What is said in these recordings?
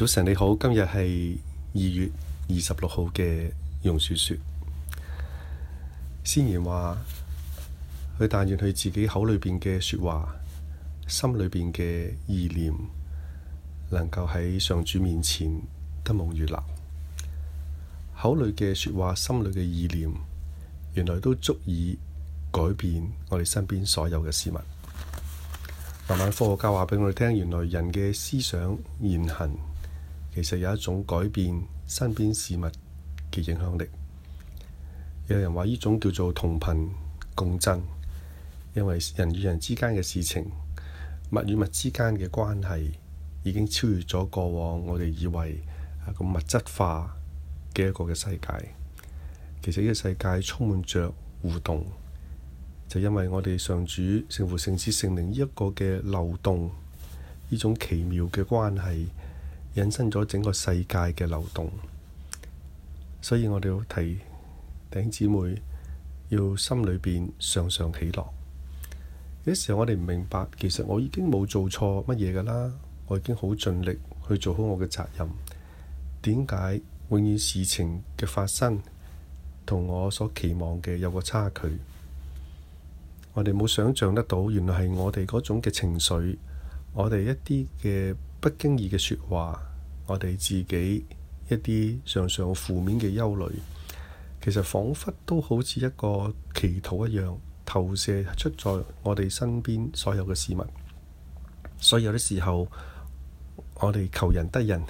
早晨你好，今日係二月二十六號嘅榕樹說。先賢話佢但願佢自己口裏邊嘅說話，心裏邊嘅意念，能夠喺上主面前得蒙悅納。口裏嘅說話，心裏嘅意念，原來都足以改變我哋身邊所有嘅事物。慢慢科學家話畀我哋聽，原來人嘅思想言行，其實有一種改變身邊事物嘅影響力。有人話呢種叫做同頻共振，因為人與人之間嘅事情，物與物之間嘅關係，已經超越咗過往我哋以為啊咁物質化嘅一個嘅世界。其實呢個世界充滿着互動，就因為我哋上主聖父聖子聖靈呢一個嘅漏洞。呢種奇妙嘅關係。引申咗整個世界嘅流動，所以我哋要提頂姊妹，要心裏邊常常起落。有時候我哋唔明白，其實我已經冇做錯乜嘢㗎啦，我已經好盡力去做好我嘅責任。點解永遠事情嘅發生同我所期望嘅有個差距？我哋冇想像得到，原來係我哋嗰種嘅情緒，我哋一啲嘅。不經意嘅說話，我哋自己一啲常常負面嘅憂慮，其實仿佛都好似一個祈禱一樣，投射出在我哋身邊所有嘅事物。所以有啲時候，我哋求人得人，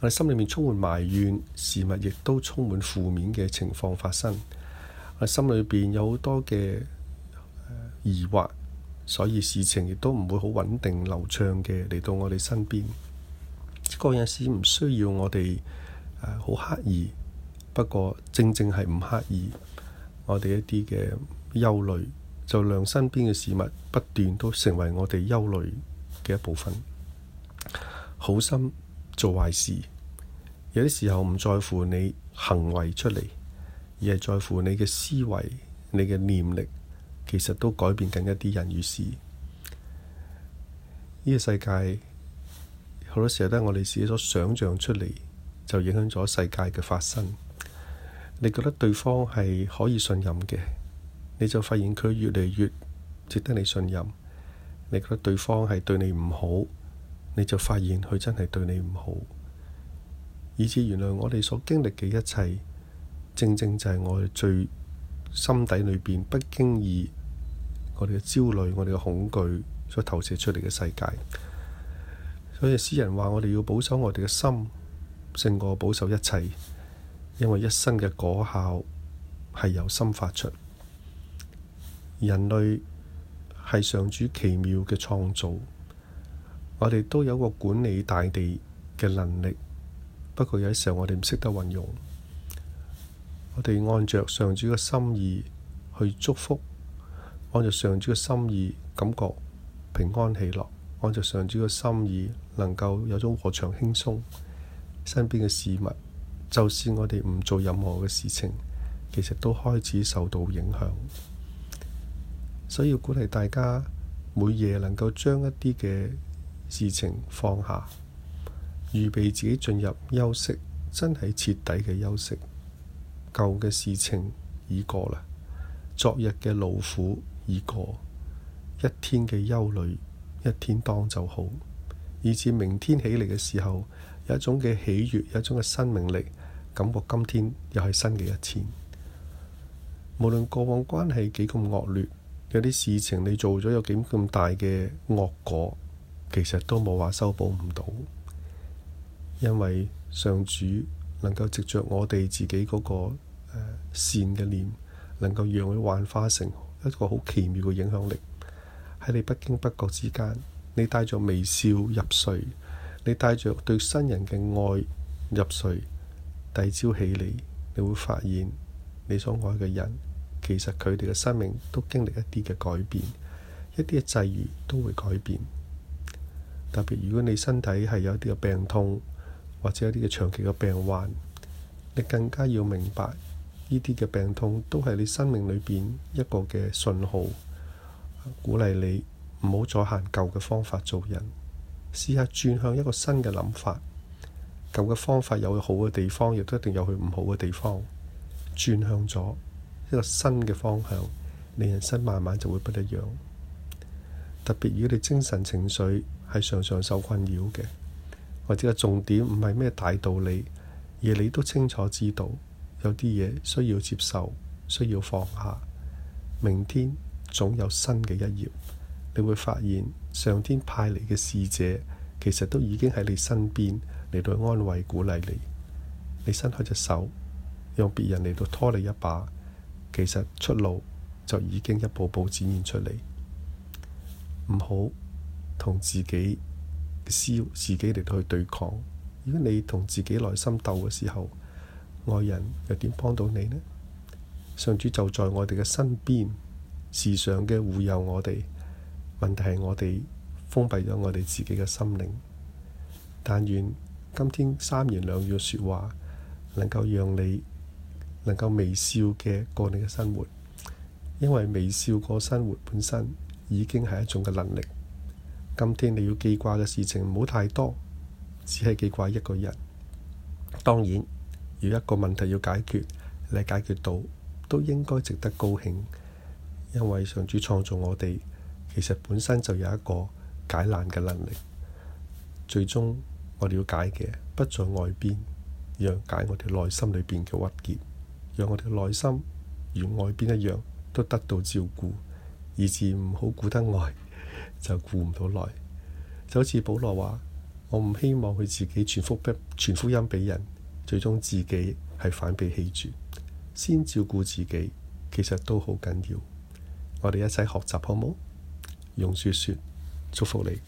我哋心裏面充滿埋怨，事物亦都充滿負面嘅情況發生。我哋心裏面有好多嘅疑惑。所以事情亦都唔會好穩定流暢嘅嚟到我哋身邊。嗰陣時唔需要我哋好刻意，不過正正係唔刻意，我哋一啲嘅憂慮，就讓身邊嘅事物不斷都成為我哋憂慮嘅一部分。好心做壞事，有啲時候唔在乎你行為出嚟，而係在乎你嘅思維、你嘅念力。其實都改變緊一啲人與事。呢個世界好多時候都係我哋自己所想像出嚟，就影響咗世界嘅發生。你覺得對方係可以信任嘅，你就發現佢越嚟越值得你信任。你覺得對方係對你唔好，你就發現佢真係對你唔好。以至原來我哋所經歷嘅一切，正正就係我哋最心底裏邊不經意，我哋嘅焦慮，我哋嘅恐懼，所投射出嚟嘅世界。所以詩人話：我哋要保守我哋嘅心，勝過保守一切，因為一生嘅果效係由心發出。人類係上主奇妙嘅創造，我哋都有個管理大地嘅能力。不過有啲時候，我哋唔識得運用。我哋按着上主嘅心意去祝福。按着上主嘅心意，感覺平安喜樂；按着上主嘅心意，能夠有種和暢輕鬆。身邊嘅事物，就算我哋唔做任何嘅事情，其實都開始受到影響。所以要鼓勵大家每夜能夠將一啲嘅事情放下，預備自己進入休息，真係徹底嘅休息。舊嘅事情已過啦，昨日嘅勞苦。已過一,一天嘅憂慮，一天當就好，以至明天起嚟嘅時候，有一種嘅喜悅，有一種嘅生命力，感覺今天又係新嘅一天。無論過往關係幾咁惡劣，有啲事情你做咗有幾咁大嘅惡果，其實都冇話修補唔到，因為上主能夠藉着我哋自己嗰個善嘅念，能夠讓佢幻化成。一個好奇妙嘅影響力，喺你不經不覺之間，你帶着微笑入睡，你帶着對新人嘅愛入睡。第朝起你，你會發現你所愛嘅人，其實佢哋嘅生命都經歷一啲嘅改變，一啲嘅際遇都會改變。特別如果你身體係有一啲嘅病痛，或者有啲嘅長期嘅病患，你更加要明白。呢啲嘅病痛都係你生命裏面一個嘅信號，鼓勵你唔好再行舊嘅方法做人，試下轉向一個新嘅諗法。舊嘅方法有好嘅地方，亦都一定有佢唔好嘅地方。轉向咗一個新嘅方向，你人生慢慢就會不一樣。特別如果你精神情緒係常常受困擾嘅，或者個重點唔係咩大道理，而你都清楚知道。有啲嘢需要接受，需要放下。明天總有新嘅一頁。你會發現上天派嚟嘅使者，其實都已經喺你身邊嚟到安慰鼓勵你。你伸開隻手，讓別人嚟到拖你一把，其實出路就已經一步步展現出嚟。唔好同自己自己嚟去對抗。如果你同自己內心鬥嘅時候，愛人又點幫到你呢？上主就在我哋嘅身邊，時常嘅護佑我哋。問題係我哋封閉咗我哋自己嘅心靈。但願今天三言兩語嘅說話能夠讓你能夠微笑嘅過你嘅生活，因為微笑過生活本身已經係一種嘅能力。今天你要記掛嘅事情唔好太多，只係記掛一個人。當然。要一個問題要解決，你解決到都應該值得高興，因為上主創造我哋，其實本身就有一個解難嘅能力。最終我哋要解嘅不在外邊，讓解我哋內心裏邊嘅鬱結，讓我哋內心如外邊一樣都得到照顧，以至唔好顧得外就顧唔到內。就好似保羅話：我唔希望佢自己傳福，福音，傳福音畀人。最終自己係反被棄住，先照顧自己其實都好緊要。我哋一齊學習好冇？用樹說：祝福你。